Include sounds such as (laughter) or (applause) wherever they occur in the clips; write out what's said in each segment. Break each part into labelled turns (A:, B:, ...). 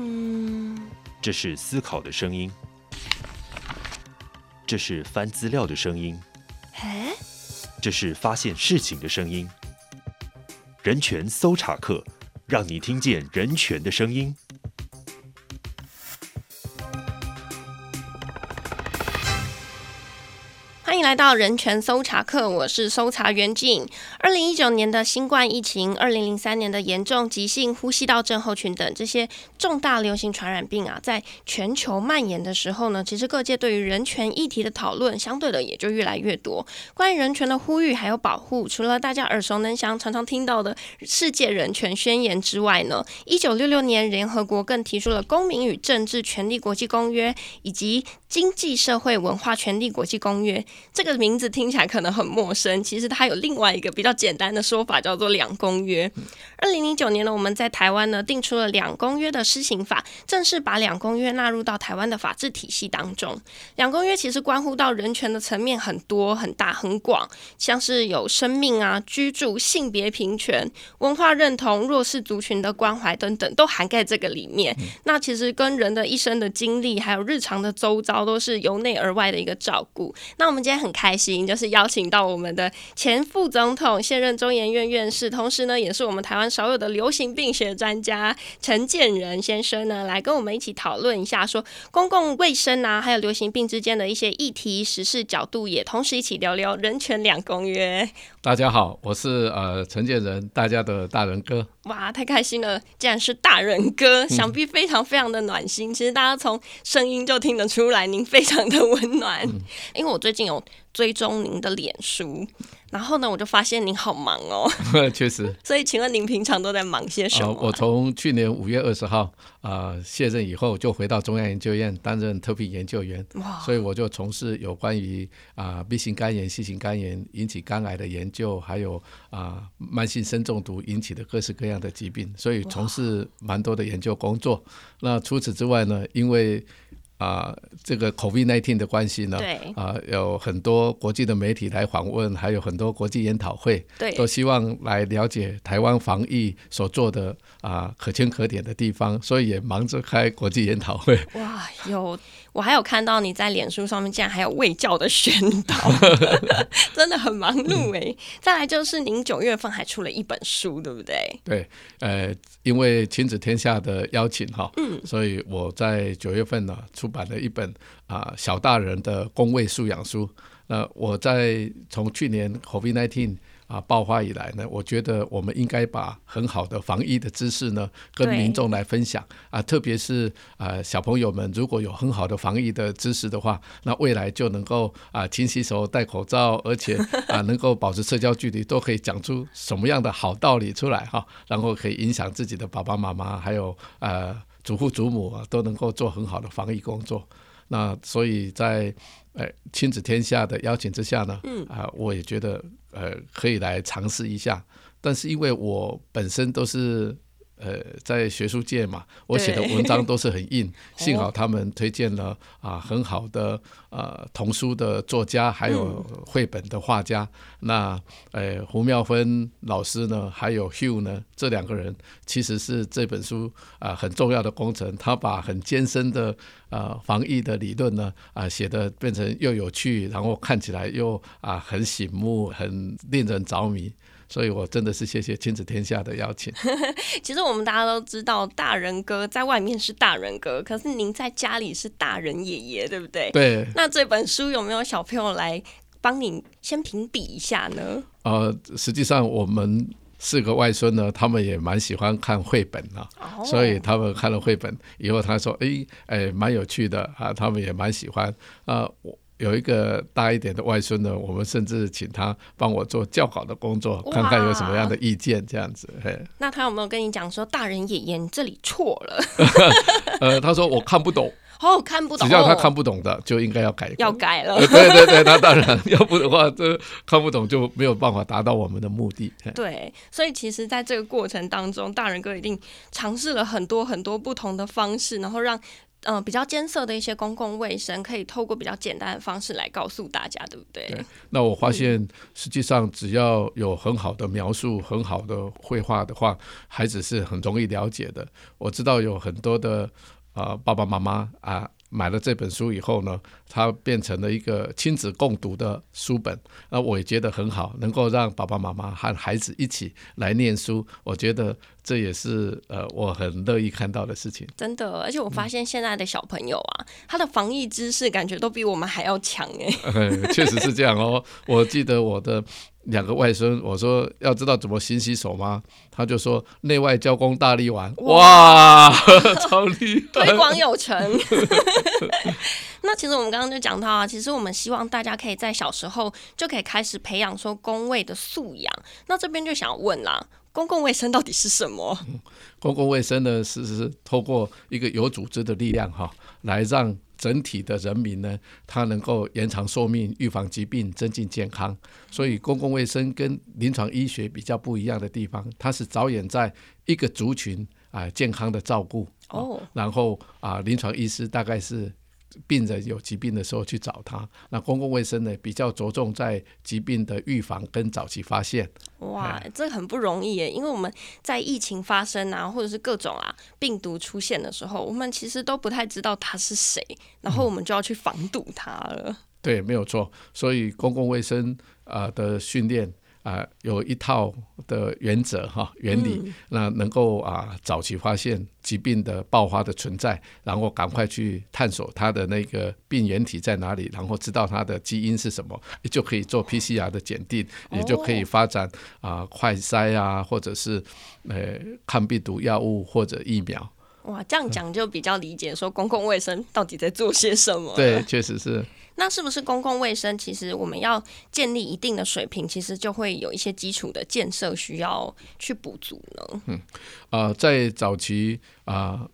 A: 嗯，這是思考的聲音，這是翻資料的聲音，誒，這是發現事情的聲音。人權搜查課，讓你聽見人權的聲音。
B: 來到人權搜查課，我是搜查員景。二零一九年的新冠疫情，二零零三年的嚴重急性呼吸道症候群等這些重大流行傳染病啊，在全球蔓延的時候呢，其實各界對於人權議題的討論，相對的也就越來越多。關於人權的呼籲還有保護，除了大家耳熟能詳、常常聽到的世界人權宣言之外呢，一九六六年聯合國更提出了《公民與政治權利國際公約》以及《經濟社會文化權利國際公約》。這個名字聽起來可能很陌生，其實它有另外一個比較簡單的說法，叫做《兩公約》。二零零九年呢，我們在台灣呢定出了《兩公約》的施行法，正式把《兩公約》納入到台灣的法治體系當中。《兩公約》其實關乎到人權的層面很多、很大、很廣，像是有生命啊、居住、性別平權、文化認同、弱勢族群的關懷等等，都涵蓋在這個裡面、嗯。那其實跟人的一生的經歷，還有日常的周遭，都是由內而外的一個照顧。那我們今天很。很開心，就是邀請到我們的前副總統、現任中研院院士，同時呢，也是我們台灣少有的流行病學專家陳建仁先生呢，來跟我們一起討論一下說，說公共衛生啊，還有流行病之間的一些議題、時事角度，也同時一起聊聊《人權兩公約》。
A: 大家好，我是呃陳建仁，大家的大仁哥。
B: 哇，太開心了！既然是大仁哥、嗯，想必非常非常的暖心。其實大家從聲音就聽得出來，您非常的溫暖、嗯。因為我最近有。追蹤您的臉書，然後呢，我就發現您好忙哦。
A: 確實，
B: (laughs) 所以請問您平常都在忙些什麼、啊啊？
A: 我從去年五月二十號啊、呃、卸任以後，就回到中央研究院擔任特聘研究員。哇！所以我就從事有關於啊 B、呃、型肝炎、C 型肝炎引起肝癌的研究，還有啊、呃、慢性砷中毒引起的各式各樣的疾病。所以從事蠻多的研究工作。那除此之外呢？因為啊，這個 COVID-19 的關係呢，啊，有很多國際的媒體來訪問，還有很多國際研討會，對，都希望來了解台灣防疫所做的啊可圈可點的地方，所以也忙着開國際研討會。
B: 哇，有。我還有看到你在臉書上面竟然還有衛教的宣導， (laughs) (laughs) 真的很忙碌哎、嗯。再來就是您九月份還出了一本書，對不對？
A: 對，呃，因為親子天下的邀請哈、嗯，所以我在九月份呢、啊、出版了一本啊小大人的公衛素養書。那我在從去年 COVID-19。啊，爆發以來呢，我覺得我們應該把很好的防疫的知識呢，跟民眾來分享啊，特別是呃小朋友們，如果有很好的防疫的知識的話，那未來就能夠啊，勤、呃、洗手、戴口罩，而且啊、呃，能夠保持社交距離， (laughs) 都可以講出什麼樣的好道理出來哈、啊，然後可以影響自己的爸爸媽媽，還有呃祖父祖母啊，都能夠做很好的防疫工作。那所以在哎，親子天下的邀請之下呢，啊、嗯呃，我也覺得呃，可以來嘗試一下。但是因為我本身都是。呃，在學術界嘛，我寫的文章都是很硬， (laughs) 幸好他們推薦了啊、呃、很好的呃童書的作家，還有繪本的畫家。嗯、那呃胡妙芬老師呢，還有 Hugh 呢，這兩個人其實是這本書啊、呃、很重要的工程。他把很艱深的呃防疫的理論呢啊、呃、寫得變成又有趣，然後看起來又啊、呃、很醒目，很令人着迷。所以我真的是謝謝親子天下的邀請。
B: (laughs) 其實我們大家都知道，大仁哥在外面是大仁哥，可是您在家裡是大仁爺爺，對不對？對。那這本書有沒有小朋友來幫您先評比一下呢？
A: 呃，實際上我們四個外孫呢，他們也蠻喜歡看繪本啊、哦，所以他們看了繪本以後，他說：“誒、欸，哎、欸，蠻有趣的啊，他們也蠻喜歡。”啊，我。有一個大一點的外孫呢，我們甚至請他幫我做校稿的工作，看看有什麼樣的意見，這樣子
B: 嘿。那他有沒有跟你講說大仁爺爺，你這裡錯了？
A: (laughs) (laughs) 呃，他說我看不懂，哦，看不懂，只要他看不懂的就應該要改、哦，要改了、 (laughs) 呃。對對對，那當然，要不的話這看不懂就沒有辦法達到我們的目的。對，
B: 所以其實在這個過程當中，大仁哥一定嘗試了很多很多不同的方式，然後讓。嗯、呃，比較艱澀的一些公共衛生，可以透過比較簡單的方式來告訴大家，對不對？對，那我發
A: 現，實際上只要有很好的描述、嗯、很好的繪畫的話，孩子是很容易了解的。我知道有很多的啊、呃，爸爸媽媽啊。買了這本書以後呢，它變成了一個親子共讀的書本。那我也覺得很好，能夠讓爸爸媽媽和孩子一起來念書。我覺得這也是呃，我很樂意看到的事情。
B: 真的，而且我發現現在的小朋友啊，嗯、他的防疫知識感覺都比我們還要強誒、欸、， (laughs) 哎、確實是
A: 這樣哦，我記得我的。兩個外孫，我說要知道怎麼勤洗手嗎？他就說內外交工大力丸，哇，哇呵呵超厲害，推廣有成。 (laughs)
B: (laughs) 那其實我們剛剛就講到啊，其實我們希望大家可以在小時候就可以開始培養說公衛的素養。那這邊就想問啦，公共衛生到底是什麼？嗯、
A: 公共衛生呢，是是，是透過一個有組織的力量哈、哦，來讓。整體的人民呢，他能夠延長壽命、預防疾病、增進健康。所以公共衛生跟臨床醫學比較不一樣的地方，它是着眼在一個族群啊健康的照顧。哦、啊，Oh. 然後啊，臨床醫師大概是病人有疾病的時候去找他。那公共衛生呢，比較着重在疾病的預防跟早期發現。哇，
B: 這個很不容易耶。因為我們在疫情發生啊，或者是各種啊病毒出現的時候，我們其實都不太知道他是誰，然後我們就要去防堵他了。
A: 嗯、對，沒有錯。所以公共衛生啊、呃、的訓練。啊，有一套的原則哈，啊，原理，嗯，那能夠啊，早期發現疾病的爆發的存在，然後趕快去探索它的那個病原體在哪裡，然後知道它的基因是什麼，也就可以做 PCR 的檢定，哦，也就可以發展啊，快篩啊，或者是呃，抗病毒藥物或者疫苗。
B: 哇，這樣講就比較理解，說公共衛生到底在做些什麼？對，確實是。那是不是公共衛生？其實我們要建立一定的水平，其實就會有一些基礎的建設需要去補足呢？嗯，
A: 呃、在早期啊，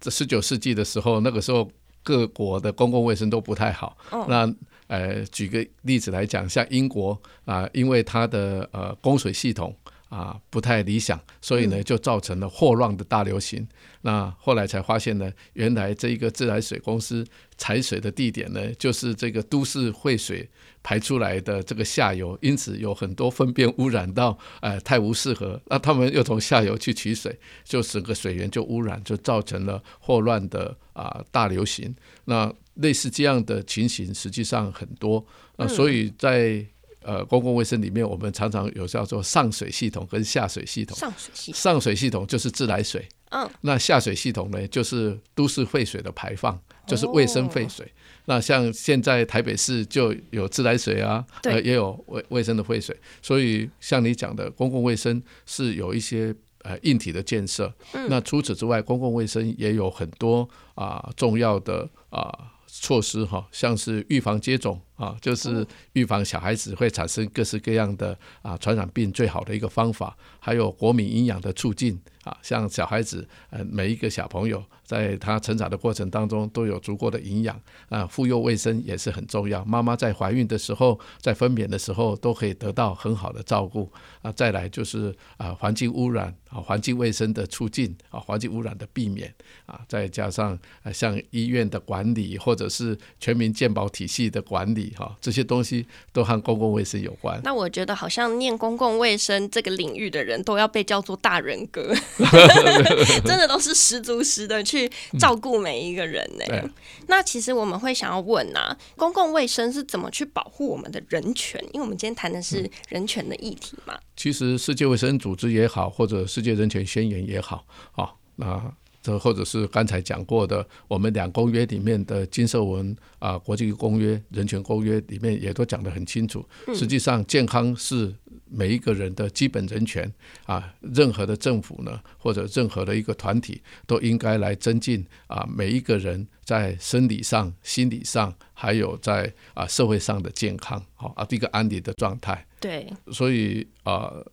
A: 這十九世紀的時候，那個時候各國的公共衛生都不太好。哦、那呃，舉個例子來講，像英國啊、呃，因為它的呃供水系統。啊，不太理想，所以呢，就造成了霍亂的大流行，嗯。那後來才發現呢，原來這一個自來水公司採水的地點呢，就是這個都市廢水排出來的這個下游，因此有很多糞便污染到呃泰晤士河。那他們又從下游去取水，就整個水源就污染，就造成了霍亂的啊、呃、大流行。那類似這樣的情形，實際上很多。那、呃、所以在、嗯呃，公共衛生裡面，我們常常有叫做上水系統跟下水系統。上水系統。上水系統就是自來水。嗯。那下水系統呢，就是都市廢水的排放，就是衛生廢水。哦。那像現在台北市就有自來水啊，呃，也有衛衛生的廢水。所以像你講的公共衛生是有一些呃硬體的建設。嗯。那除此之外，公共衛生也有很多啊、呃、重要的啊、呃、措施哈、呃，像是預防接種。啊，就是預防小孩子會產生各式各樣的啊傳染病最好的一個方法。還有國民營養的促進啊，像小孩子呃每一個小朋友在他成長的過程當中都有足夠的營養啊。婦幼衛生也是很重要，媽媽在懷孕的時候，在分娩的時候都可以得到很好的照顧啊。再來就是啊環境污染啊、環境衛生的促進啊、環境污染的避免啊，再加上啊像醫院的管理或者是全民健保體系的管理。好，這些東西都和公共衛生有關。
B: 那我覺得好像念公共衛生這個領域的人都要被叫做大仁哥， (laughs) 真的都是十足十的去照顧每一個人呢、嗯。那其實我們會想要問啊，公共衛生是怎麼去保護我們的人權？因為我們今天談的是人權的議題嘛。嗯、
A: 其實世界衛生組織也好，或者世界人權宣言也好，那、哦。啊這或者是剛才講過的，我們兩公約裡面的《經社文》啊、呃，《國際公約》《人權公約》裡面也都講得很清楚。實際上，健康是每一個人的基本人權啊、呃。任何的政府呢，或者任何的一個團體，都應該來增進啊、呃、每一個人在生理上、心理上，還有在啊、呃、社會上的健康，好啊，這個安寧的狀態。對。所以啊、呃，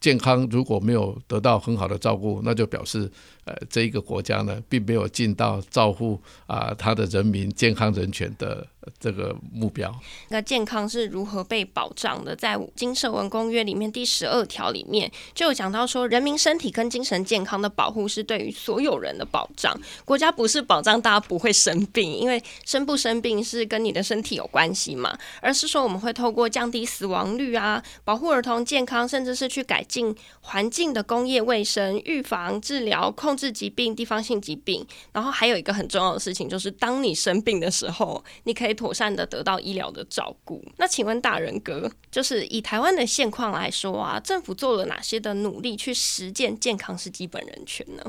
A: 健康如果沒有得到很好的照顧，那就表示。呃，這一個國家呢，並沒有盡到照顧啊，他、呃、的人民健康人權的、呃、這個目標。
B: 那健康是如何被保障的？在《經社文公約》裡面第十二條裡面就有講到說，人民身體跟精神健康的保護是對於所有人的保障。國家不是保障大家不會生病，因為生不生病是跟你的身體有關係嘛，而是說我們會透過降低死亡率啊，保護兒童健康，甚至是去改進環境的工業衛生、預防、治療、控。治疾病、地方性疾病，然後還有一個很重要的事情，就是當你生病的時候，你可以妥善的得到醫療的照顧。那請問大仁哥，就是以台灣的現況來說啊，政府做了哪些的努力去實踐健康是基本人
A: 權呢？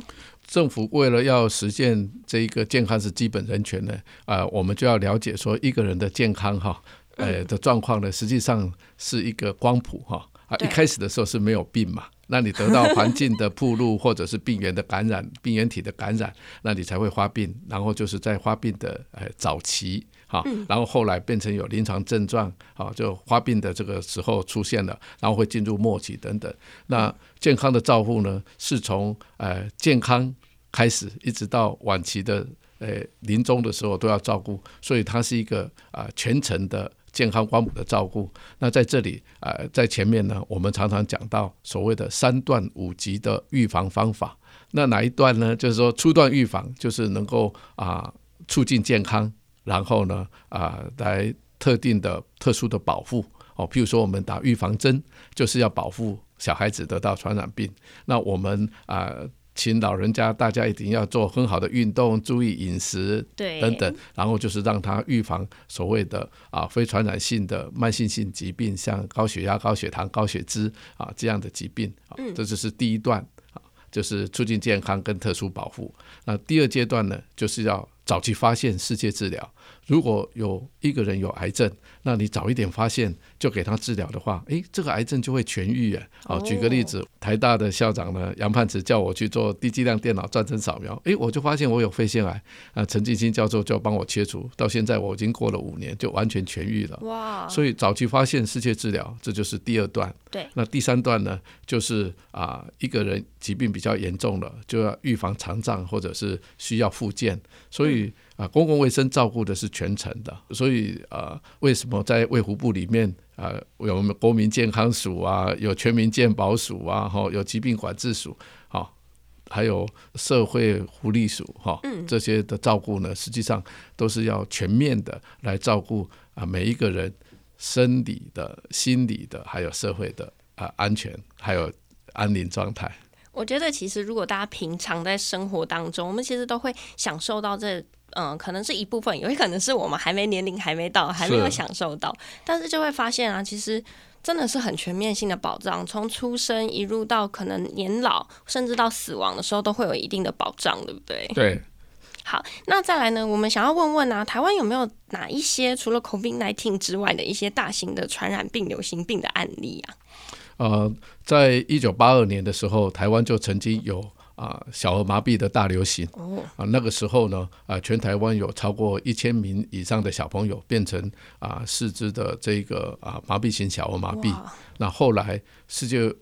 A: 政府為了要實現這一個健康是基本人權呢，呃，我們就要了解說一個人的健康哈，呃、嗯、的狀況呢，實際上是一個光譜哈，啊，一開始的時候是沒有病嘛。 (laughs) 那你得到環境的暴露，或者是病原的感染、病原體的感染，那你才會發病。然後就是在發病的呃早期，哈，然後後來變成有臨床症狀，哈，就發病的這個時候出現了，然後會進入末期等等。那健康的照顧呢，是從呃健康開始，一直到晚期的呃臨終的時候都要照顧，所以它是一個啊全程的。健康關護的照顧，那在這裡啊、呃，在前面呢，我們常常講到所謂的三段五級的預防方法。那哪一段呢？就是說初段預防，就是能夠啊、呃、促進健康，然後呢啊、呃、來特定的特殊的保護哦，譬如說我們打預防針，就是要保護小孩子得到傳染病。那我們啊。呃請老人家，大家一定要做很好的運動，注意飲食，等等對，然後就是讓他預防所謂的啊非傳染性的慢性性疾病，像高血壓、高血糖、高血脂啊這樣的疾病。嗯。這就是第一段，就是促進健康跟特殊保護。那第二階段呢，就是要。早期發現，世界治療。如果有一個人有癌症，那你早一點發現就給他治療的話，哎、欸，這個癌症就會痊癒啊。好，舉個例子，台大的校長呢，楊泮池叫我去做低劑量電腦斷層掃描，哎、欸，我就發現我有肺腺癌啊。陳晉興教授就幫我切除，到現在我已經過了五年，就完全痊癒了。哇！所以早期發現，世界治療，這就是第二段。對。那第三段呢，就是啊，一個人疾病比較嚴重了，就要預防殘障，或者是需要復健，所以、嗯。啊，公共衛生照顧的是全程的，所以啊、呃，為什麼在衛福部裡面啊、呃，有國民健康署啊，有全民健保署啊，哈，有疾病管制署，哈，還有社會福利署，哈，這些的照顧呢，實際上都是要全面的來照顧啊、呃，每一個人生理的、心理的，還有社會的啊、呃，安全還有安寧狀態。
B: 我覺得其實，如果大家平常在生活當中，我們其實都會享受到這，嗯、呃，可能是一部分，有可能是我們還沒年齡還沒到，還沒有享受到。但是就會發現啊，其實真的是很全面性的保障，從出生一路到可能年老，甚至到死亡的時候，都會有一定的保障，對不對？對。好，那再來呢？我們想要問問啊，台灣有沒有哪一些除了 COVID-19 之外的一些大型的傳染病、流行病的案
A: 例啊？呃，在一九八二年的時候，台灣就曾經有啊、呃、小兒麻痹的大流行哦。啊、呃，那個時候呢，啊、呃，全台灣有超過一千名以上的小朋友變成啊、呃、四肢的這個啊、呃、麻痹型小兒麻痹。那後來世界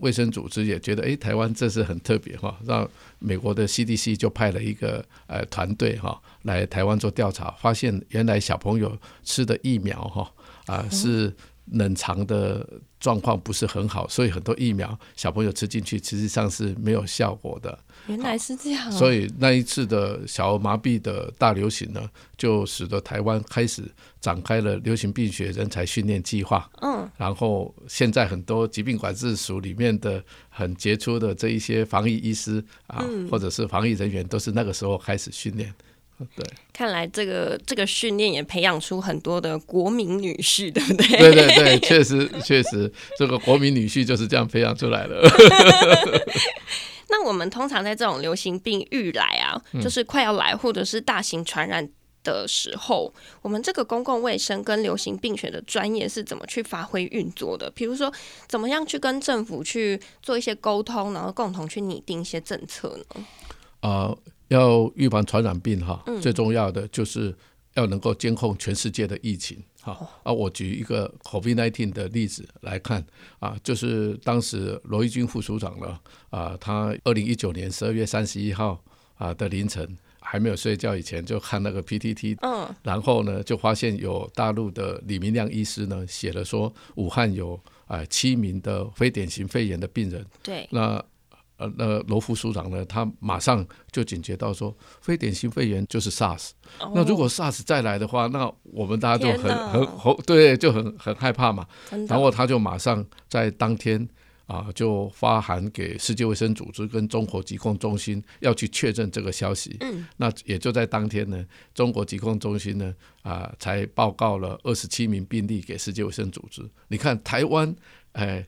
A: 衛生組織也覺得，哎，台灣這是很特別哈、哦，讓美國的 CDC 就派了一個呃團隊哈來台灣做調查，發現原來小朋友吃的疫苗哈啊、呃、是冷藏的。嗯狀況不是很好，所以很多疫苗小朋友吃進去，實際上是沒有效果的。原
B: 來是這樣。所以
A: 那一次的小兒麻痹的大流行呢，就使得台灣開始展開了流行病學人才訓練計劃。嗯。然後現在很多疾病管制署裡面的很傑出的這一些防疫醫師啊，嗯、或者是防疫人員，都是那個時候開始訓練。對，
B: 看來這個這個訓練也培養出很多的國民女婿，對不對？對對對，確
A: 實確實， (laughs) 這個國民女婿就是這樣培養出來的。 (laughs)
B: (laughs) 那我們通常在這種流行病欲來啊，就是快要來或者是大型傳染的時候、嗯，我們這個公共衛生跟流行病學的專業是怎麼去發揮運作的？比如說，怎麼樣去跟政府去做一些溝通，然後共同去擬定一些政策
A: 呢？啊、呃。要預防傳染病哈，最重要的就是要能夠監控全世界的疫情哈。啊、嗯，我舉一個 COVID-19 的例子來看啊，就是當時羅一鈞副署長呢啊，他二零一九年十二月三十一號啊的凌晨還沒有睡覺以前，就看那個 PTT，嗯，然後呢就發現有大陸的李明亮醫師呢寫了說武漢有啊七名的非典型肺炎的病人，對，那。呃，那個、羅副署長呢，他馬上就警覺到說，非典型肺炎就是 SARS、哦。那如果 SARS 再來的話，那我們大家就很很很對，就很很害怕嘛、嗯。然後他就馬上在當天啊、呃，就發函給世界衛生組織跟中國疾控中心，要去確認這個消息、嗯。那也就在當天呢，中國疾控中心呢啊、呃，才報告了二十七名病例給世界衛生組織。你看，台灣哎。呃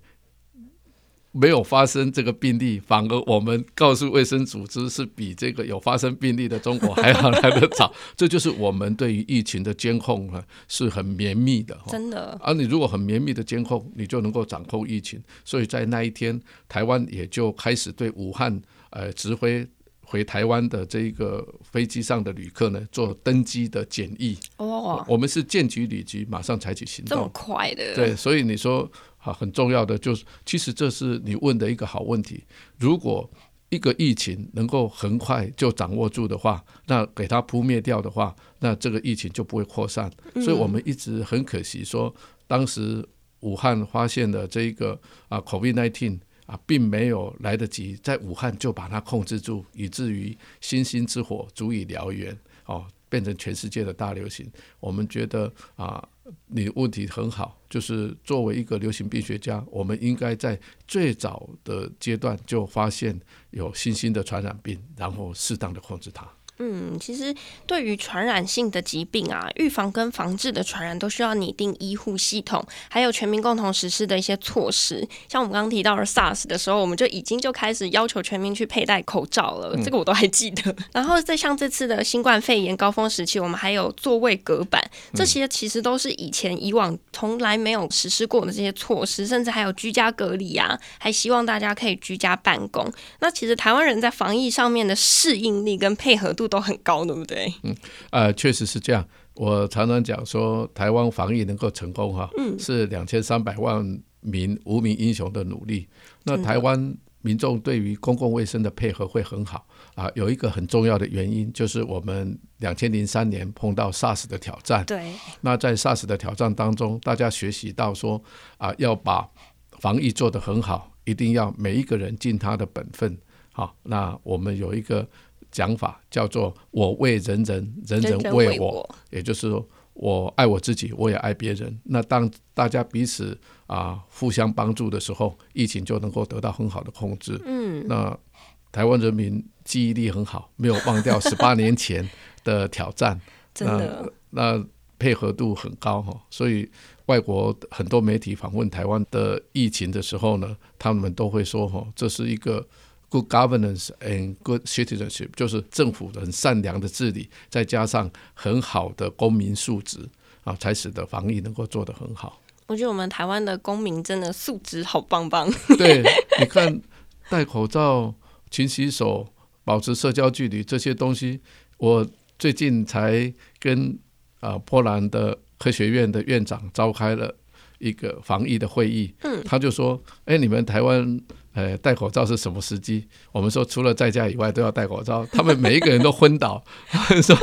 A: 沒有發生這個病例，反而我們告訴衛生組織是比這個有發生病例的中國還要來得早， (laughs) 這就是我們對於疫情的監控啊，是很綿密的。真的。而、啊、你如果很綿密的監控，你就能夠掌控疫情。所以在那一天，台灣也就開始對武漢呃，直飛回台灣的這個飛機上的旅客呢，做登機的檢疫。哦、oh.。我們是見機旅局，馬上採取行動。這麼
B: 快的。對，
A: 所以你說。好、啊，很重要的就是，其實這是你問的一個好問題。如果一個疫情能夠很快就掌握住的話，那給它撲滅掉的話，那這個疫情就不會擴散。所以我們一直很可惜說，說當時武漢發現的這個啊，COVID-19 啊，並沒有來得及在武漢就把它控制住，以至於星星之火足以燎原，哦，變成全世界的大流行。我們覺得啊。你問題很好，就是作為一個流行病學家，我們應該在最早的階段就發現有新興的傳染病，然後適當的控制它。
B: 嗯，其實對於傳染性的疾病啊，預防跟防治的傳染都需要擬定醫護系統，還有全民共同實施的一些措施。像我們剛剛提到的 SARS 的時候，我們就已經就開始要求全民去佩戴口罩了，嗯，這個我都還記得。然後再像這次的新冠肺炎高峰時期，我們還有座位隔板，這些其實都是以前以往從來沒有實施過的這些措施，甚至還有居家隔離啊，還希望大家可以居家辦公。那其實台灣人在防疫上面的適應力跟配合度。都很高，對不對？
A: 嗯，呃，確實是這樣。我常常講說，台灣防疫能夠成功，哈、嗯，是兩千三百萬名無名英雄的努力、嗯。那台灣民眾對於公共衛生的配合會很好啊、呃。有一個很重要的原因，就是我們兩千零三年碰到 SARS 的挑戰，對。那在 SARS 的挑戰當中，大家學習到說啊、呃，要把防疫做得很好，一定要每一個人盡他的本分。好、哦，那我們有一個。講法叫做“我為人人，人人為我”，也就是我愛我自己，我也愛別人。那當大家彼此啊互相幫助的時候，疫情就能夠得到很好的控制。嗯，那台灣人民記憶力很好，沒有忘掉十八年前的挑戰。 (laughs) 真的那，那配合度很高哈。所以，外國很多媒體訪問台灣的疫情的時候呢，他們都會說：“哈，這是一個。” Good governance and good citizenship，就是政府的很善良的治理，再加上很好的公民素質啊，才使得防疫能夠做得很好。
B: 我覺得我們台灣的公民真的素質好棒棒。 (laughs) 對，
A: 你看戴口罩、勤洗手、保持社交距離這些東西，我最近才跟啊、呃、波蘭的科學院的院長召開了一個防疫的會議。嗯，他就說：“哎、欸，你們台灣。”呃，戴口罩是什麼時機？我們說，除了在家以外，都要戴口罩。他們每一個人都昏倒， (laughs) 他們說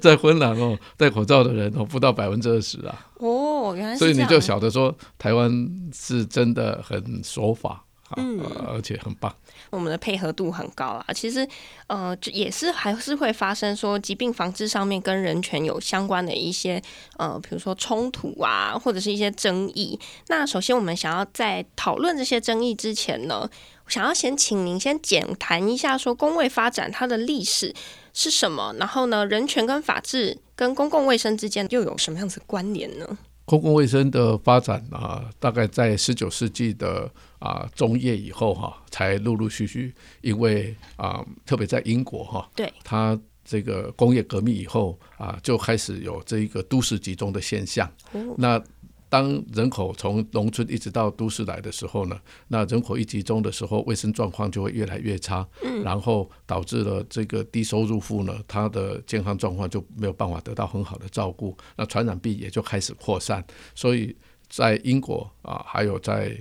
A: 在昏藍哦，戴口罩的人不到百分之二十啊。哦，原來是這
B: 樣。所以你就曉
A: 得說，台灣是真的很守法。嗯、啊，而且很棒、
B: 嗯。我們的配合度很高啊。其實，呃，這也是還是會發生說疾病防治上面跟人權有相關的一些呃，比如說衝突啊，或者是一些爭議。那首先，我們想要在討論這些爭議之前呢，想要先請您先簡談一下說公衛發展它的歷史是什麼，然後呢，人權跟法治跟公共衛生之間又有什麼樣子的關聯呢？
A: 公共衛生的發展啊，大概在十九世紀的啊中葉以後哈、啊，才陸陸續續，因為啊，特別在英國哈、啊，對，它這個工業革命以後啊，就開始有這一個都市集中的現象，哦、那。當人口從農村一直到都市來的時候呢，那人口一集中的時候，衛生狀況就會越來越差，嗯，然後導致了這個低收入戶呢，他的健康狀況就沒有辦法得到很好的照顧，那傳染病也就開始擴散。所以在英國啊，還有在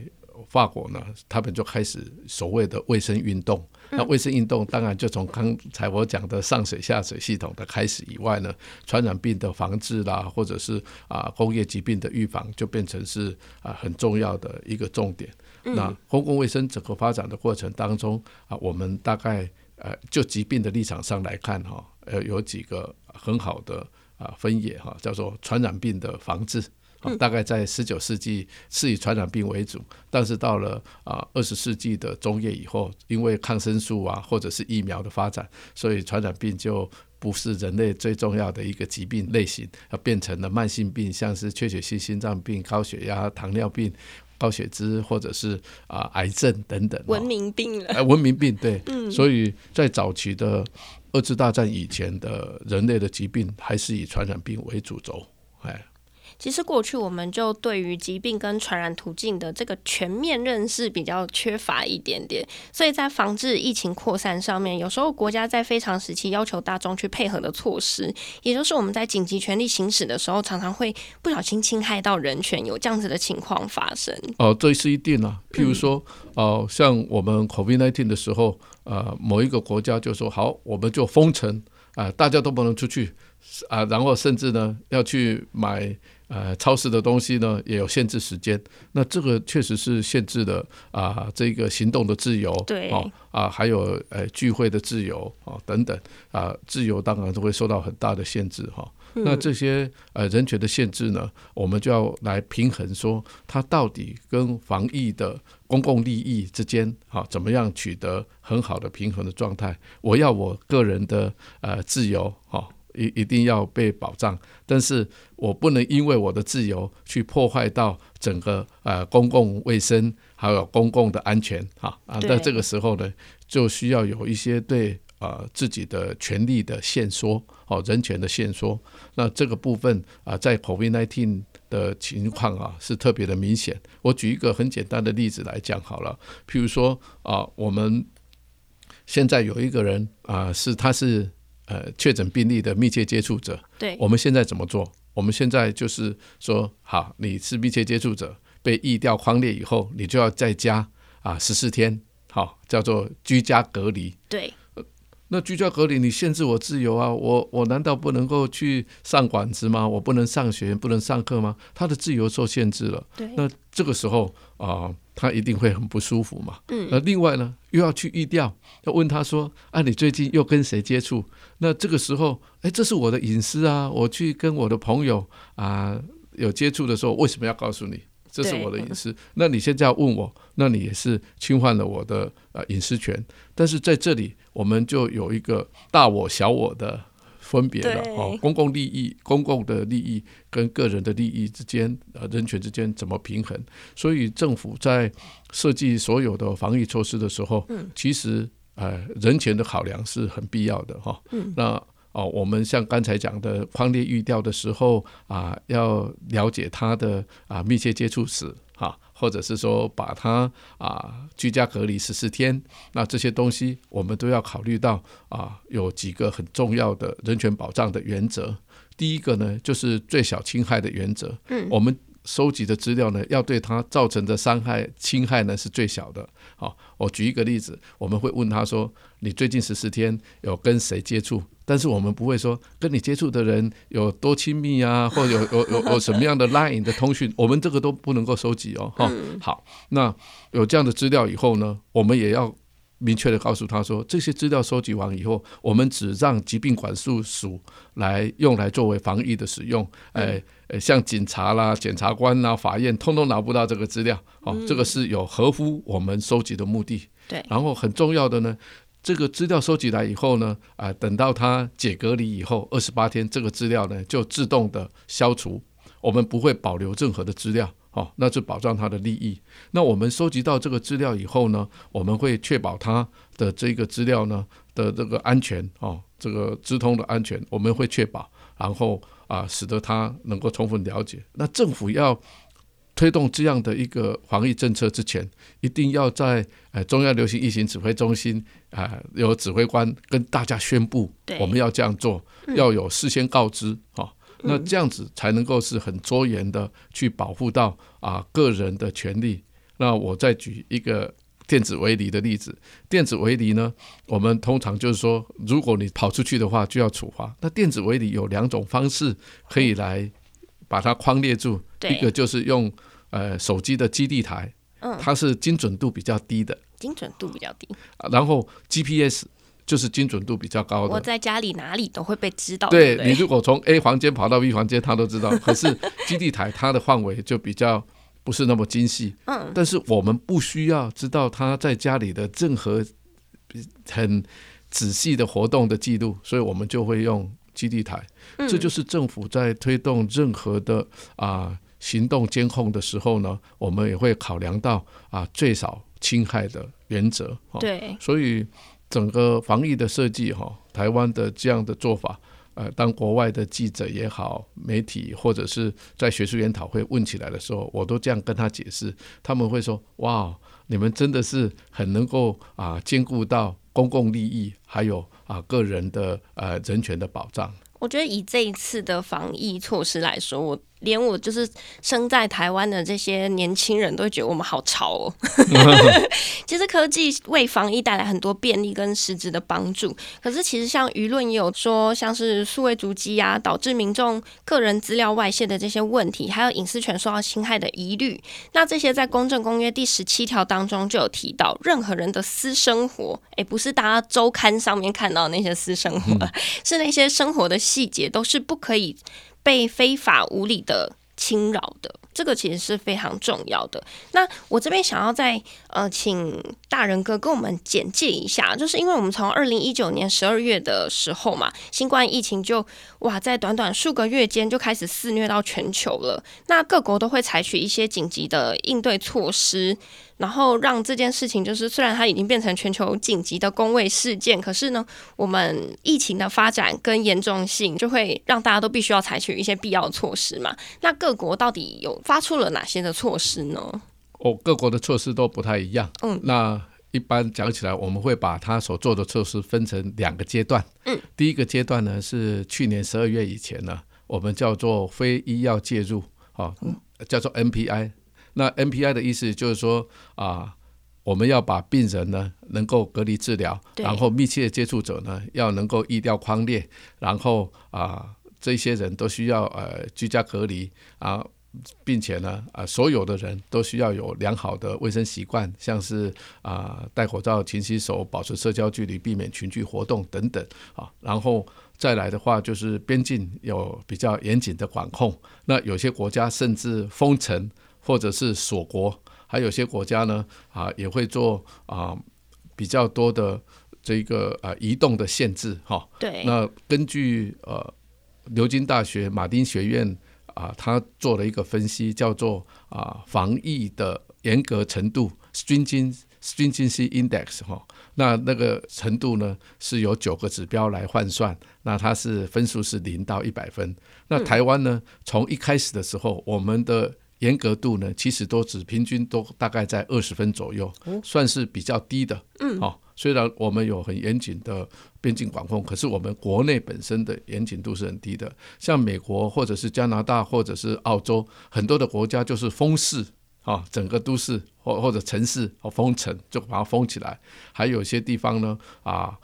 A: 法國呢，他們就開始所謂的衛生運動。那衛生運動當然就從剛才我講的上水下水系統的開始以外呢，傳染病的防治啦，或者是啊工業疾病的預防，就變成是啊很重要的一個重點。那公共衛生整個發展的過程當中啊，我們大概呃就疾病的立場上來看哈，呃有幾個很好的啊分野哈，叫做傳染病的防治。哦、大概在十九世紀是以傳染病為主，但是到了啊二十世紀的中葉以後，因為抗生素啊或者是疫苗的發展，所以傳染病就不是人類最重要的一個疾病類型，而變成了慢性病，像是缺血性心臟病、高血壓、糖尿病、高血脂或者是啊、呃、癌症等等、哦。文明病了。呃、文明病，對，嗯，所以在早期的二次大戰以前的人類的疾病還是以傳染病為主軸，哎。
B: 其實過去我們就對於疾病跟傳染途徑的這個全面認識比較缺乏一點點，所以在防治疫情擴散上面，有時候國家在非常時期要求大眾去配合的措施，也就是我們在緊急權力行使的時候，常常會不小心侵害到人權，有這樣子的情況發生。
A: 哦，這是一定啊。譬如說，呃、嗯哦，像我們 COVID-19 的時候，呃，某一個國家就說好，我們就封城啊、呃，大家都不能出去啊、呃，然後甚至呢要去買。呃，超市的東西呢也有限制時間，那這個確實是限制的啊、呃，這個行動的自由，對，哦，啊、呃，還有呃聚會的自由，哦，等等，啊、呃，自由當然都會受到很大的限制哈、哦。那這些呃人權的限制呢，我們就要來平衡說，說它到底跟防疫的公共利益之間，啊、哦，怎麼樣取得很好的平衡的狀態？我要我個人的呃自由，哈、哦。一一定要被保障，但是我不能因為我的自由去破壞到整個呃公共衛生還有公共的安全啊啊！在這個時候呢，就需要有一些對呃自己的權利的限縮哦，人權的限縮。那這個部分啊、呃，在 COVID-19 的情況啊是特別的明顯。我舉一個很簡單的例子來講好了，譬如說啊、呃，我們現在有一個人啊、呃，是他是。呃，確診病例的密切接觸者。對，我們現在怎麼做？我們現在就是說，好，你是密切接觸者，被疫調匡列以後，你就要在家啊十四天，好、哦，叫做居家隔離。對。那居家隔離，你限制我自由啊！我我難道不能夠去上館子嗎？我不能上學，不能上課嗎？他的自由受限制了。對。那這個時候啊、呃，他一定會很不舒服嘛。嗯。另外呢，又要去疫調，要問他說：“啊，你最近又跟誰接觸？”那這個時候，哎，這是我的隱私啊！我去跟我的朋友啊、呃、有接觸的時候，為什麼要告訴你？這是我的隱私。嗯、那你現在要問我，那你也是侵犯了我的呃隱私權。但是在這裡。我們就有一個大我小我的分別了，哦，公共利益、公共的利益跟個人的利益之間，人權之間怎麼平衡？所以政府在設計所有的防疫措施的時候，其實呃，人權的考量是很必要的，哈，那哦，我們像剛才講的，匡列疫調的時候啊，要了解它的啊密切接觸史，哈。或者是說把它啊，居家隔離十四天，那這些東西我們都要考慮到啊，有幾個很重要的人權保障的原則。第一個呢，就是最小侵害的原則。嗯，我們。收集的資料呢，要對他造成的傷害、侵害呢是最小的。好，我舉一個例子，我們會問他說：“你最近十四天有跟誰接觸？”但是我們不會說跟你接觸的人有多親密啊，或者有有有有什麼樣的 Line 的通訊， (laughs) 我們這個都不能夠收集哦。哈、 (laughs) 哦，好，那有這樣的資料以後呢，我們也要明確的告訴他說，這些資料收集完以後，我們只讓疾病管制署來用來作為防疫的使用。哎、嗯。欸呃，像警察啦、檢察官啦、法院，通通拿不到這個資料，嗯。哦，這個是有合乎我們收集的目的。對。然後很重要的呢，這個資料收集來以後呢，啊、呃，等到他解隔離以後二十八天，這個資料呢就自動的消除，我們不會保留任何的資料。好，哦，那就保障他的利益。那我們收集到這個資料以後呢，我們會確保他的這個資料呢的這個安全。哦，這個資通的安全，我們會確保。然後。啊，使得他能夠充分了解。那政府要推動這樣的一個防疫政策之前，一定要在呃中央流行疫情指揮中心啊、呃，有指揮官跟大家宣布，我們要這樣做。對，要有事先告知啊、嗯。那這樣子才能夠是很周延的去保護到啊個人的權利。那我再舉一個。電子圍籬的例子，電子圍籬呢，我們通常就是說，如果你跑出去的話，就要處罰。那電子圍籬有兩種方式可以來把它框列住，對，一個就是用呃手機的基地台，嗯，它是精準度比較低的，
B: 精準度比較低。
A: 然後 GPS 就是精準度比較高的。我
B: 在家裡哪裡都會被知道對。對你，如
A: 果從 A 房間跑到 B 房間，他都知道。 (laughs) 可是基地台它的範圍就比較。不是那麼精細，嗯，但是我們不需要知道他在家裡的任何很仔細的活動的記錄，所以我們就會用基地台。嗯、這就是政府在推動任何的啊、呃、行動監控的時候呢，我們也會考量到啊、呃、最少侵害的原則、哦。對，所以整個防疫的設計哈、哦，台灣的這樣的做法。呃，當國外的記者也好，媒體或者是在學術研討會問起來的時候，我都這樣跟他解釋。他們會說：“哇，你們真的是很能夠啊、呃，兼顧到公共利益，還有啊、呃、個人的呃人權的保障。”
B: 我覺得以這一次的防疫措施來說，我。連我就是生在台灣的這些年輕人都會覺得我們好潮哦。 (laughs) 其實科技為防疫帶來很多便利跟實質的幫助，可是其實像輿論也有說，像是數位足跡啊，導致民眾個人資料外洩的這些問題，還有隱私權受到侵害的疑慮。那這些在《公政公約》第十七條當中就有提到，任何人的私生活，哎、欸，不是大家週刊上面看到那些私生活，嗯、是那些生活的細節都是不可以，被非法無理的侵擾的，這個其實是非常重要的。那我這邊想要再呃，請大仁哥跟我們簡介一下，就是因為我們從二零一九年十二月的時候嘛，新冠疫情就哇，在短短數個月間就開始肆虐到全球了。那各國都會採取一些緊急的應對措施。然後讓這件事情就是，雖然它已經變成全球緊急的公衛事件，可是呢，我們疫情的發展跟嚴重性就會讓大家都必須要採取一些必要的措施嘛。那各國到底有發出了哪些的措施呢？
A: 哦，各國的措施都不太一樣。嗯，那一般講起來，我們會把它所做的措施分成兩個階段。嗯，第一個階段呢是去年十二月以前呢，我們叫做非醫藥介入，啊，叫做 NPI。那 NPI 的意思就是說啊、呃，我們要把病人呢能夠隔離治療，然後密切接觸者呢要能夠疫調匡列。然後啊、呃、這些人都需要呃居家隔離啊，並且呢啊、呃、所有的人都需要有良好的衛生習慣，像是啊、呃、戴口罩、勤洗手、保持社交距離、避免群聚活動等等啊，然後再來的話就是邊境有比較嚴謹的管控，那有些國家甚至封城，或者是鎖國，還有些國家呢啊，也會做啊比較多的這個啊移動的限制哈、哦。對。那根據呃牛津大學馬丁學院啊，他做了一個分析，叫做啊防疫的嚴格程度、Stringing, Stringency Index 哈、哦。那那個程度呢，是由九個指標來換算，那它是分數是零到一百分。那台灣呢、嗯，從一開始的時候，我們的嚴格度呢，其實都只平均都大概在二十分左右，算是比較低的。嗯、哦、啊，雖然我們有很嚴謹的邊境管控，可是我們國內本身的嚴謹度是很低的。像美國或者是加拿大或者是澳洲，很多的國家就是封市啊，整個都市或或者城市封城，就把它封起來。還有一些地方呢啊，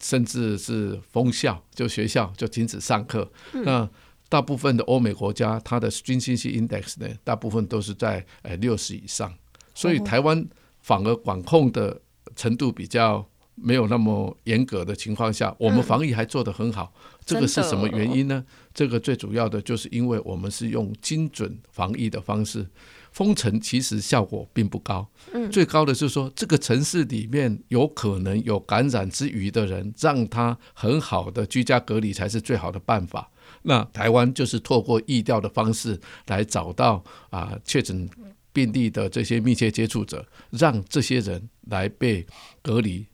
A: 甚至是封校，就學校就停止上課。嗯、那大部分的歐美國家，它的 stringency index 呢，大部分都是在呃六十以上，所以台灣反而管控的程度比較沒有那麼嚴格的情況下，我們防疫還做得很好。這個是什麼原因呢、哦？這個最主要的就是因為我們是用精準防疫的方式，封城其實效果並不高。嗯、最高的就是說這個城市裡面有可能有感染之虞的人，讓他很好的居家隔離才是最好的辦法。那台灣就是透過疫調的方式來找到啊、呃、確診病例的這些密切接觸者，讓這些人來被隔離。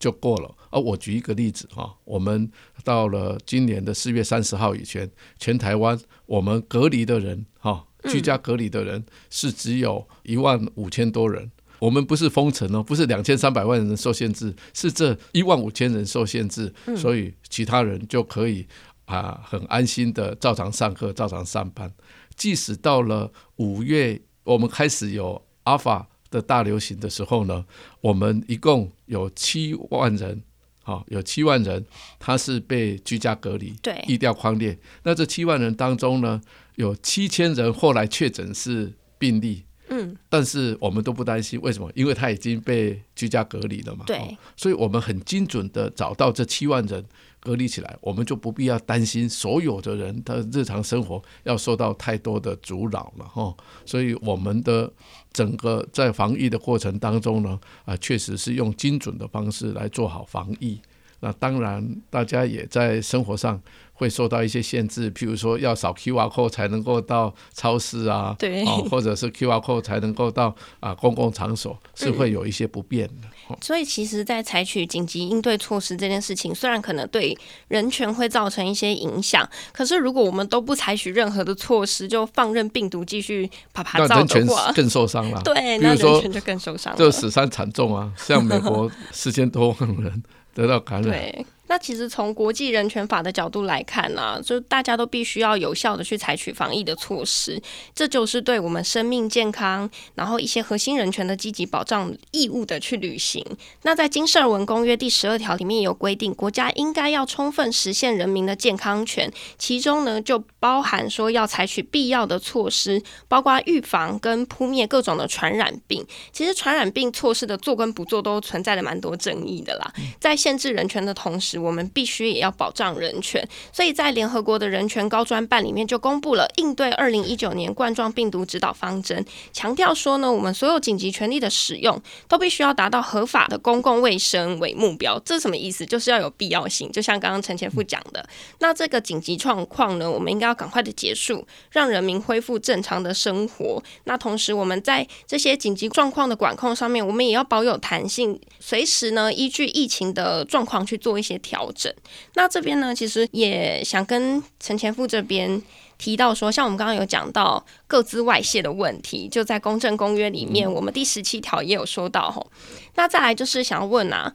A: 就過了而、啊、我舉一個例子哈、哦，我們到了今年的四月三十號以前，全台灣我們隔離的人哈、哦，居家隔離的人是只有一萬五千多人、嗯。我們不是封城哦，不是兩千三百萬人受限制，是這一萬五千人受限制、嗯，所以其他人就可以啊、呃、很安心的照常上課、照常上班。即使到了五月，我們開始有阿爾法的大流行的時候呢，我們一共有七萬人，好、哦，有七萬人，他是被居家隔離對，疫調框列。那這七萬人當中呢，有七千人後來確診是病例，嗯，但是我們都不擔心，為什麼？因為他已經被居家隔離了嘛，對、哦，所以我們很精準的找到這七萬人，隔離起來，我們就不必要擔心所有的人的日常生活要受到太多的阻擾了哈。所以，我們的整個在防疫的過程當中呢，啊，確實是用精準的方式來做好防疫。那當然，大家也在生活上。會受到一些限制，譬如說要掃 QR code 才能夠到超市啊，對、哦，或者是 QR code 才能夠到啊公共場所、嗯，是會有一些不便的。哦、
B: 所以，其實，在採取緊急應對措施這件事情，雖然可能對人權會造成一些影響，可是如果我們都不採取任何的措施，就放任病毒繼續趴趴走的話，那人權更受傷了。 (laughs) 對，那人權就更受傷， (laughs) 就死
A: 傷慘重啊！像美國四千多萬人 (laughs) (laughs) 得到感染。對。
B: 那其實從國際人權法的角度來看呢、啊，就大家都必須要有效的去採取防疫的措施，這就是對我們生命健康，然後一些核心人權的積極保障義務的去履行。那在經社文公約第十二條裡面也有規定，國家應該要充分實現人民的健康權，其中呢就包含說要採取必要的措施，包括預防跟撲滅各種的傳染病。其實傳染病措施的做跟不做都存在了蠻多爭議的啦，在限制人權的同時。我們必須也要保障人權，所以在聯合國的人權高專辦裡面就公布了應對二零一九年冠狀病毒指導方針，強調說呢，我們所有緊急權力的使用都必須要達到合法的公共衛生為目標。這是什麼意思？就是要有必要性。就像剛剛陳前副講的，那這個緊急狀況呢，我們應該要趕快的結束，讓人民恢復正常的生活。那同時我們在這些緊急狀況的管控上面，我們也要保有彈性，隨時呢依據疫情的狀況去做一些。調整，那這邊呢，其實也想跟陳前副這邊提到說，像我們剛剛有講到個資外洩的問題，就在公政公約裡面，我們第十七條也有說到哈、嗯。那再來就是想要問啊，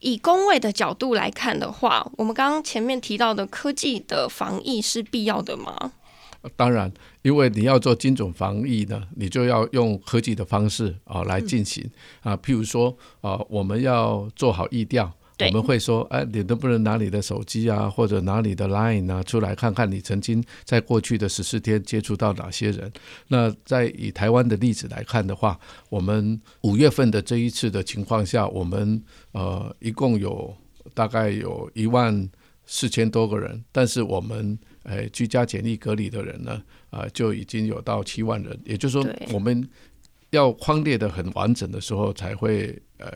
B: 以公衛的角度來看的話，我們剛剛前面提到的科技的防疫是必要的嗎？
A: 當然，因為你要做精準防疫呢，你就要用科技的方式啊來進行、嗯、啊，譬如說啊、呃，我們要做好疫調。我們會說，哎，你能不能拿你的手機啊，或者拿你的 Line 啊，出來看看你曾經在過去的十四天接觸到哪些人。那在以台灣的例子來看的話，我們五月份的這一次的情況下，我們呃一共有大概有一萬四千多個人，但是我們哎、呃、居家檢疫隔離的人呢，啊、呃、就已經有到七萬人。也就是說，我們要匡列的很完整的時候，才會呃。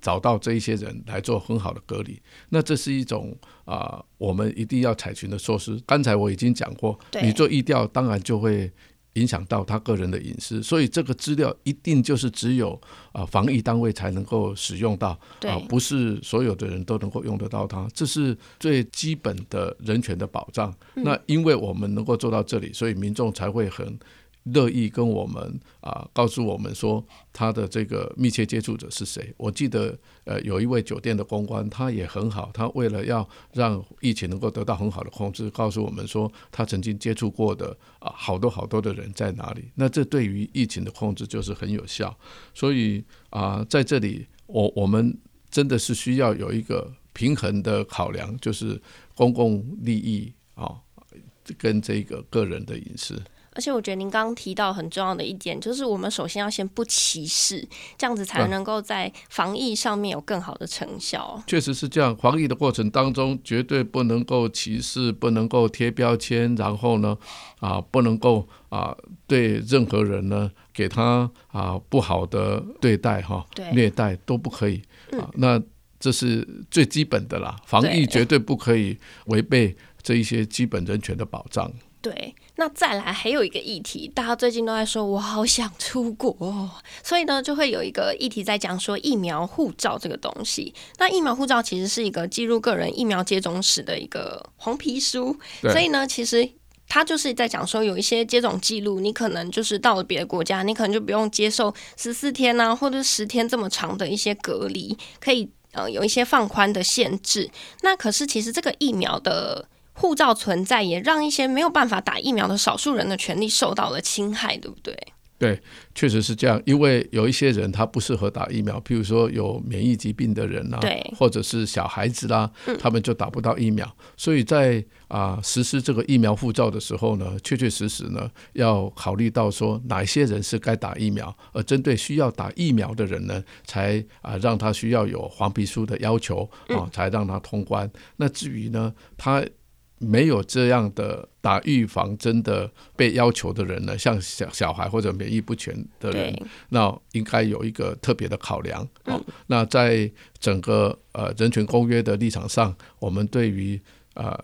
A: 找到這一些人來做很好的隔離，那這是一種啊、呃，我們一定要採取的措施。剛才我已經講過，你做疫調當然就會影響到他個人的隱私，所以這個資料一定就是只有啊、呃，防疫單位才能夠使用到，啊、呃，不是所有的人都能夠用得到它。這是最基本的人權的保障。那因為我們能夠做到這裡，所以民眾才會很。樂意跟我們啊，告訴我們說他的這個密切接觸者是誰。我記得呃，有一位酒店的公關，他也很好，他為了要讓疫情能夠得到很好的控制，告訴我們說他曾經接觸過的啊好多好多的人在哪裡。那這對於疫情的控制就是很有效。所以啊，在這裡我我們真的是需要有一個平衡的考量，就是公共利益啊跟這個個人的隱私。
B: 而且我覺得您剛剛提到很重要的一點，就是我們首先要先不歧視，這樣子才能夠在防疫上面有更好的成效。
A: 啊，確實是這樣，防疫的過程當中絕對不能夠歧視，不能夠貼標籤，然後呢，啊，不能夠啊對任何人呢給他啊不好的對待哈，虐待、嗯、都不可以、啊。那這是最基本的啦，防疫絕對不可以違背這一些基本人權的保障。
B: 對，那再來還有一個議題，大家最近都在說，我好想出國哦，所以呢，就會有一個議題在講說疫苗護照這個東西。那疫苗護照其實是一個記錄個人疫苗接種史的一個黃皮書，所以呢，其實它就是在講說有一些接種記錄，你可能就是到了別的國家，你可能就不用接受十四天啊或者是十天這麼長的一些隔離，可以呃有一些放寬的限制。那可是其實這個疫苗的。護照存在也讓一些沒有辦法打疫苗的少數人的權利受到了侵害，對不對？
A: 對，確實是這樣。因為有一些人他不適合打疫苗，譬如說有免疫疾病的人啊，對，或者是小孩子啦、啊，他們就打不到疫苗。嗯、所以在啊、呃、實施這個疫苗護照的時候呢，確確實實呢要考慮到說哪些人是該打疫苗，而針對需要打疫苗的人呢，才啊、呃、讓他需要有黃皮書的要求啊、呃，才讓他通關。嗯、那至於呢，他。沒有這樣的打預防針的被要求的人呢，像小小孩或者免疫不全的人，那應該有一個特別的考量。嗯、那在整個呃人權公約的立場上，我們對於呃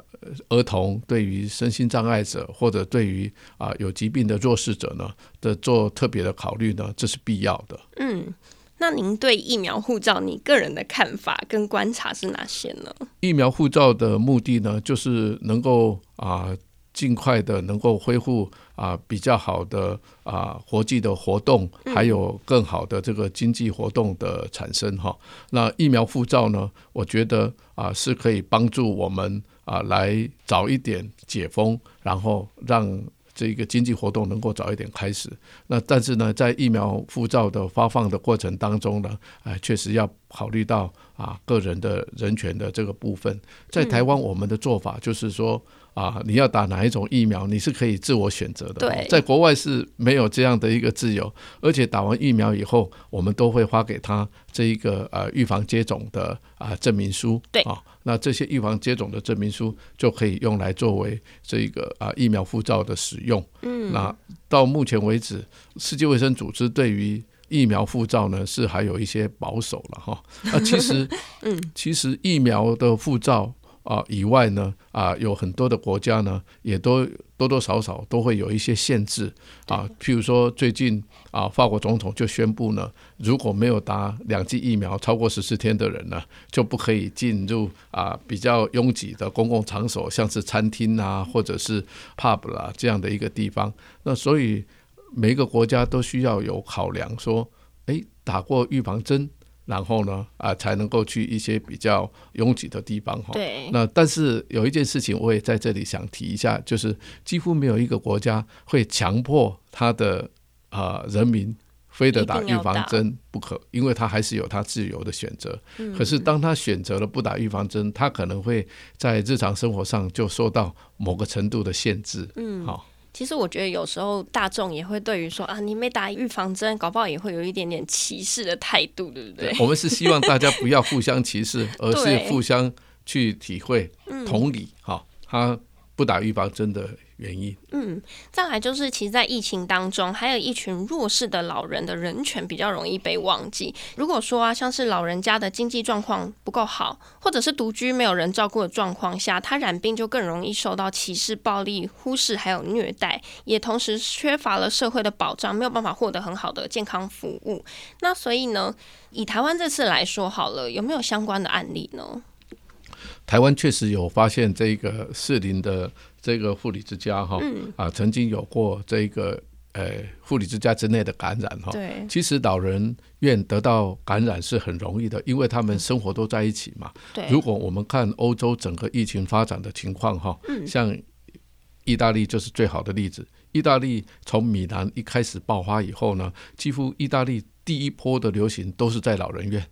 A: 兒童、對於身心障礙者或者對於啊、呃、有疾病的弱勢者呢的做特別的考慮呢，這是必要的。嗯。
B: 那您對疫苗護照，你個人的看法跟觀察是哪些呢？
A: 疫苗護照的目的呢，就是能夠啊盡快的能夠恢復啊比較好的啊國際的活動，還有更好的這個經濟活動的產生哈、嗯。那疫苗護照呢，我覺得啊是可以幫助我們啊來早一點解封，然後讓。這一個經濟活動能夠早一點開始，那但是呢，在疫苗護照的發放的過程當中呢，哎，確實要。考慮到啊，個人的人權的這個部分，在台灣我們的做法就是說、嗯、啊，你要打哪一種疫苗，你是可以自我選擇的。對。在國外是沒有這樣的一個自由，而且打完疫苗以後，我們都會發給他這一個呃啊預防接種的啊證明書。對啊，那這些預防接種的證明書就可以用來作為這個啊疫苗護照的使用。嗯，那到目前為止，世界衛生組織對於。疫苗護照呢是還有一些保守了哈啊，其實，嗯，其實疫苗的護照啊以外呢啊，有很多的國家呢也都多多少少都會有一些限制啊，譬如說最近啊，法國總統就宣布呢，如果沒有打兩劑疫苗超過十四天的人呢，就不可以進入啊比較擁擠的公共場所，像是餐廳啊或者是 pub 啦啊，這樣的一個地方，那所以。每一個國家都需要有考量說，誒，打過預防針，然後呢，啊、呃，才能夠去一些比較擁擠的地方，哈。對。那但是有一件事情，我也在這裡想提一下，就是幾乎沒有一個國家會強迫他的啊、呃、人民非得打預防針不可，、嗯、不可，因為他還是有他自由的選擇。嗯。可是當他選擇了不打預防針，他可能會在日常生活上就受到某個程度的限制。嗯。好、哦。
B: 其實我覺得有時候大眾也會對於說啊，你沒打預防針，搞不好也會有一點點歧視的態度，對不對？對，我們是希望大家不
A: 要互相歧視， (laughs) 而是互相去體會同理哈、嗯。他不打預防針的原因，嗯，
B: 再來就是，其實，在疫情當中，還有一群弱勢的老人的人權比較容易被忘記。如果說啊，像是老人家的經濟狀況不夠好，或者是獨居沒有人照顧的狀況下，他染病就更容易受到歧視、暴力、忽視還有虐待，也同時缺乏了社會的保障，沒有辦法獲得很好的健康服務。那所以呢，以台灣這次來說，好了，有沒有相關的案例呢？
A: 台灣確實有發現這個適齡的。這個護理之家哈、哦嗯、啊，曾經有過這個呃護理之家之內的感染哈、哦。對，其實老人院得到感染是很容易的，因為他們生活都在一起嘛。嗯、如果我們看歐洲整個疫情發展的情況哈、哦，像意大利就是最好的例子。嗯、意大利從米蘭一開始爆發以後呢，幾乎意大利第一波的流行都是在老人院。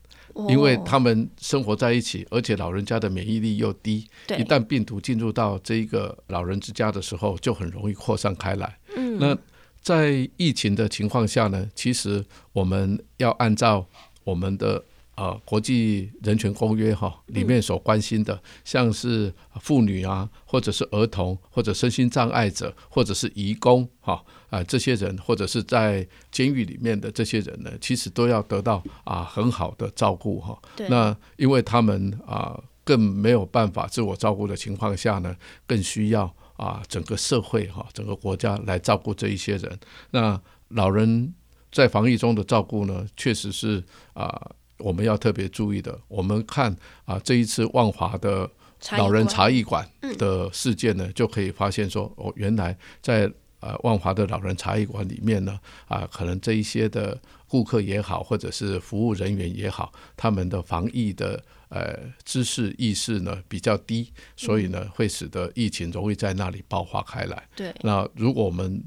A: 因為他們生活在一起，而且老人家的免疫力又低，一旦病毒進入到這一個老人之家的時候，就很容易擴散開來、嗯。那在疫情的情況下呢，其實我們要按照我們的呃國際人權公約哈、哦、裡面所關心的、嗯，像是婦女啊，或者是兒童，或者身心障礙者，或者是移工哈。哦。啊，這些人或者是在監獄裡面的這些人呢，其實都要得到啊很好的照顧哈、啊。對。那因為他們啊更沒有辦法自我照顧的情況下呢，更需要啊整個社會哈、啊、整個國家來照顧這一些人。那老人在防疫中的照顧呢，確實是啊我們要特別注意的。我們看啊這一次萬華的老人茶藝館的事件呢，嗯、就可以發現說哦，原來在呃，萬華的老人茶藝館裡面呢，啊，可能這一些的顧客也好，或者是服務人員也好，他們的防疫的呃知識意識呢比較低，所以呢，會使得疫情容易在那裡爆發開來。對，那如果我們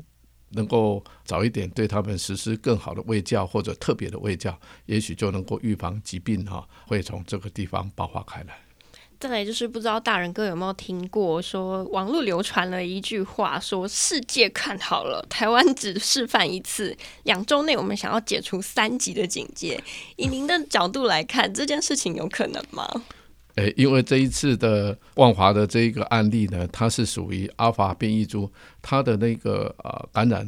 A: 能夠早一點對他們實施更好的衛教或者特別的衛教，也許就能夠預防疾病哈，會從這個地方爆發開來。
B: 再來就是不知道大仁哥有沒有聽過說，網絡流傳了一句話說，世界看好了，台灣只示範一次，兩週內我們想要解除三級的警戒。以您的角度來看，嗯、這件事情有可能嗎？
A: 誒、欸，因為這一次的萬華的這一個案例呢，它是屬於阿法變異株，它的那個呃感染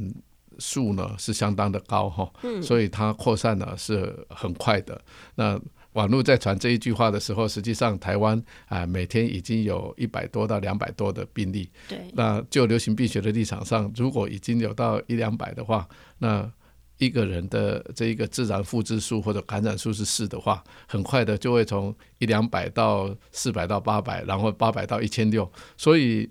A: 數呢是相當的高哈，嗯，所以它擴散呢是很快的。那網絡在傳這一句話的時候，實際上台灣啊每天已經有一百多到兩百多的病例。對，那就流行病學的立場上，如果已經有到一兩百的話，那一個人的這一個自然複製數或者感染數是四的話，很快的就會從一兩百到四百到八百，然後八百到一千六。所以。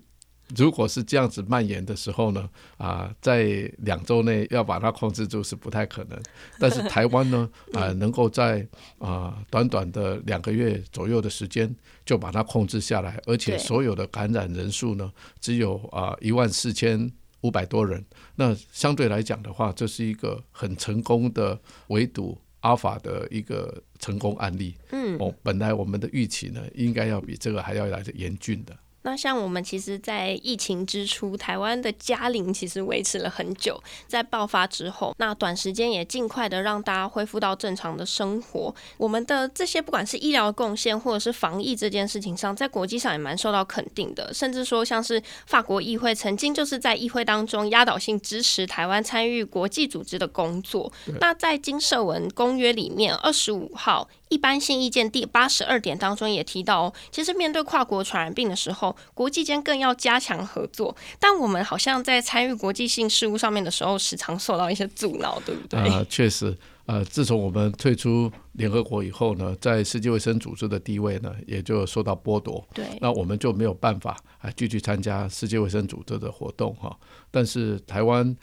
A: 如果是這樣子蔓延的時候呢，啊、呃，在兩周內要把它控制住是不太可能。但是台灣呢，啊、呃，能夠在啊、呃、短短的兩個月左右的時間就把它控制下來，而且所有的感染人數呢只有啊、呃、一萬四千五百多人。那相對來講的話，這是一個很成功的圍堵阿爾法的一個成功案例。嗯、哦，本來我們的預期呢應該要比這個還要來的嚴峻的。
B: 那像我們其實，在疫情之初，台灣的嘉玲其實維持了很久。在爆發之後，那短時間也儘快的讓大家恢復到正常的生活。我們的這些不管是醫療貢獻，或者是防疫這件事情上，在國際上也蠻受到肯定的。甚至說，像是法國議會曾經就是在議會當中壓倒性支持臺灣參與國際組織的工作。那在經社文公約裡面，二十五號。一般性意見第八十二點當中也提到，哦，其實面對跨國傳染病的時候，國際間更要加強合作。但我們好像在參與國際性事務上面的時候，時常受到一些阻撓，對不對？呃，
A: 確實。呃，自從我們退出聯合國以後呢，在世界衛生組織的地位呢，也就受到剝奪。對，那我們就沒有辦法啊，繼續參加世界衛生組織的活動哈。但是台灣，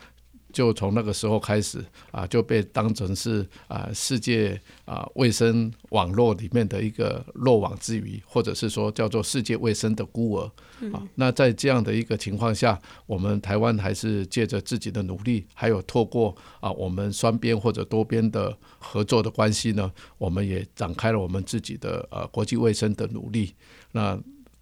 A: 就從那個時候開始啊，就被當成是啊世界啊衛生網絡裡面的一個漏網之魚，或者是說叫做世界衛生的孤兒、嗯、啊。那在這樣的一個情況下，我們台灣還是借着自己的努力，還有透過啊我們雙邊或者多邊的合作的關係呢，我們也展開了我們自己的呃、啊、國際衛生的努力。那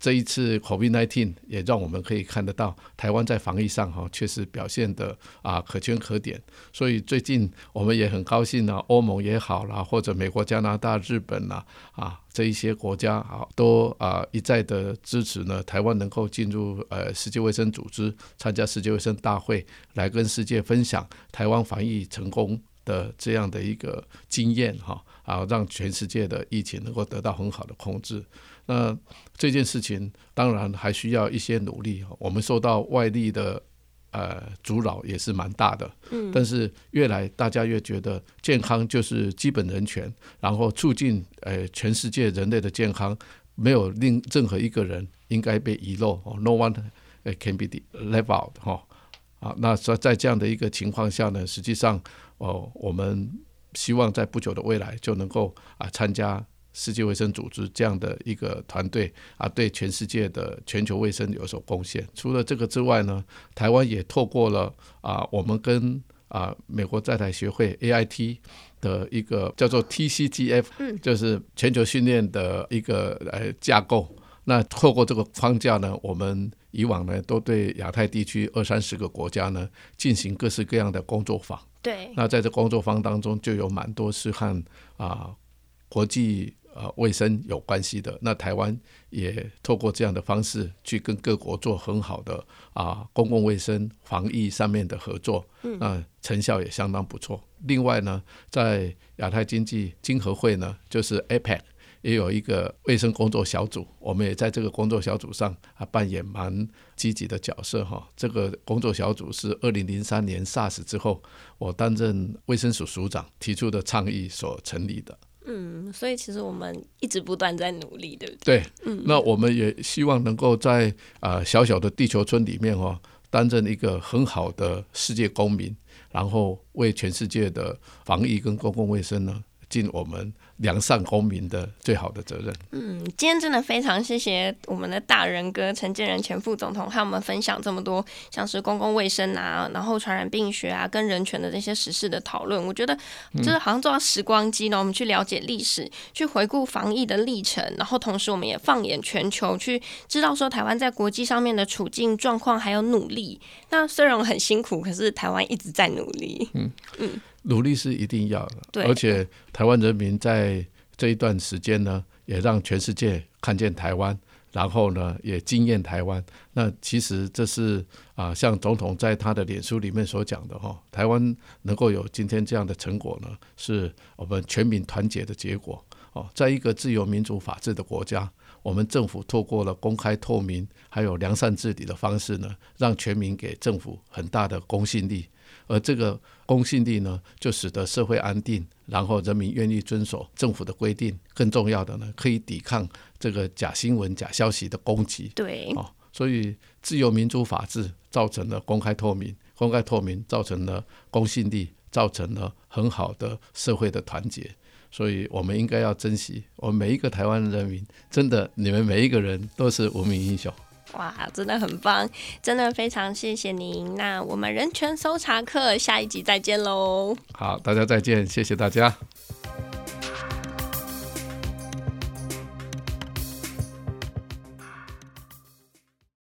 A: 這一次 COVID-19 也讓我們可以看得到，台灣在防疫上哈、啊、確實表現得啊可圈可點。所以最近我們也很高興呢、啊，歐盟也好、啊、或者美國、加拿大、日本啦啊，啊這一些國家啊都啊一再的支持呢，台灣能夠進入呃世界衛生組織，參加世界衛生大會，來跟世界分享台灣防疫成功的這樣的一個經驗哈啊，啊，讓全世界的疫情能夠得到很好的控制。那這件事情當然還需要一些努力，我們受到外力的呃阻撓也是蠻大的。嗯。但是越來大家越覺得健康就是基本人權，然後促進呃全世界人類的健康，沒有令任何一個人應該被遺漏。No one can be left out 哈。啊，那在在這樣的一個情況下呢，實際上哦、呃，我們希望在不久的未來就能夠啊、呃、參加。世界衛生組織這樣的一個團隊啊，對全世界的全球衛生有所貢獻。除了這個之外呢，台灣也透過了啊，我們跟啊美國在台協會 AIT 的一個叫做 TCGF，嗯，就是全球訓練的一個呃架構。那透過這個框架呢，我們以往呢都對亞太地區二三十個國家呢進行各式各樣的工作坊。對。那在這工作坊當中，就有蠻多是和啊國際。呃，衛生有關係的。那台灣也透過這樣的方式去跟各國做很好的啊公共衛生防疫上面的合作，嗯，呃、成效也相當不錯。另外呢，在亞太經濟經合會呢，就是 APEC，也有一個衛生工作小組。我們也在這個工作小組上啊扮演蠻積極的角色哈、哦。這個工作小組是二零零三年 SARS 之後，我擔任衛生署署長提出的倡議所成立的。
B: 嗯，所以其實我們一直不斷在努力，對不對？對，嗯，那
A: 我們也希望能夠在呃小小的地球村裡面哦，擔任一個很好的世界公民，然後為全世界的防疫跟公共衛生呢，盡我們。良善公民的最好的責任。嗯，今
B: 天真的非常謝謝我們的大仁哥陳建仁前副總統，和我們分享這麼多，像是公共衛生啊，然後傳染病學啊，跟人權的這些時事的討論。我覺得就是好像做到時光機呢、嗯，我們去了解歷史，去回顧防疫的歷程，然後同時我們也放眼全球，去知道說台灣在國際上面的處境狀況還有努力。那雖然我很辛苦，可是台灣一直在努力。嗯嗯。
A: 努力是一定要的，而且台灣人民在這一段時間呢，也讓全世界看見台灣，然後呢也驚艷台灣。那其實這是啊，像總統在他的臉書裡面所講的哈、哦，台灣能夠有今天這樣的成果呢，是我們全民團結的結果。哦，在一個自由民主法治的國家，我們政府透過了公開透明還有良善治理的方式呢，讓全民給政府很大的公信力。而這個公信力呢，就使得社會安定，然後人民願意遵守政府的規定。更重要的呢，可以抵抗這個假新聞、假消息的攻擊。對，哦，所以自由民主法治造成了公開透明，公開透明造成了公信力，造成了很好的社會的團結。所以我們應該要珍惜，我們每一個台灣人民，真的，你們每一個人都是無名英雄。
B: 哇，真的很棒，真的非常謝謝您。那我們人權搜查課下一集再見囉。
A: 好，大家再見，謝謝大家。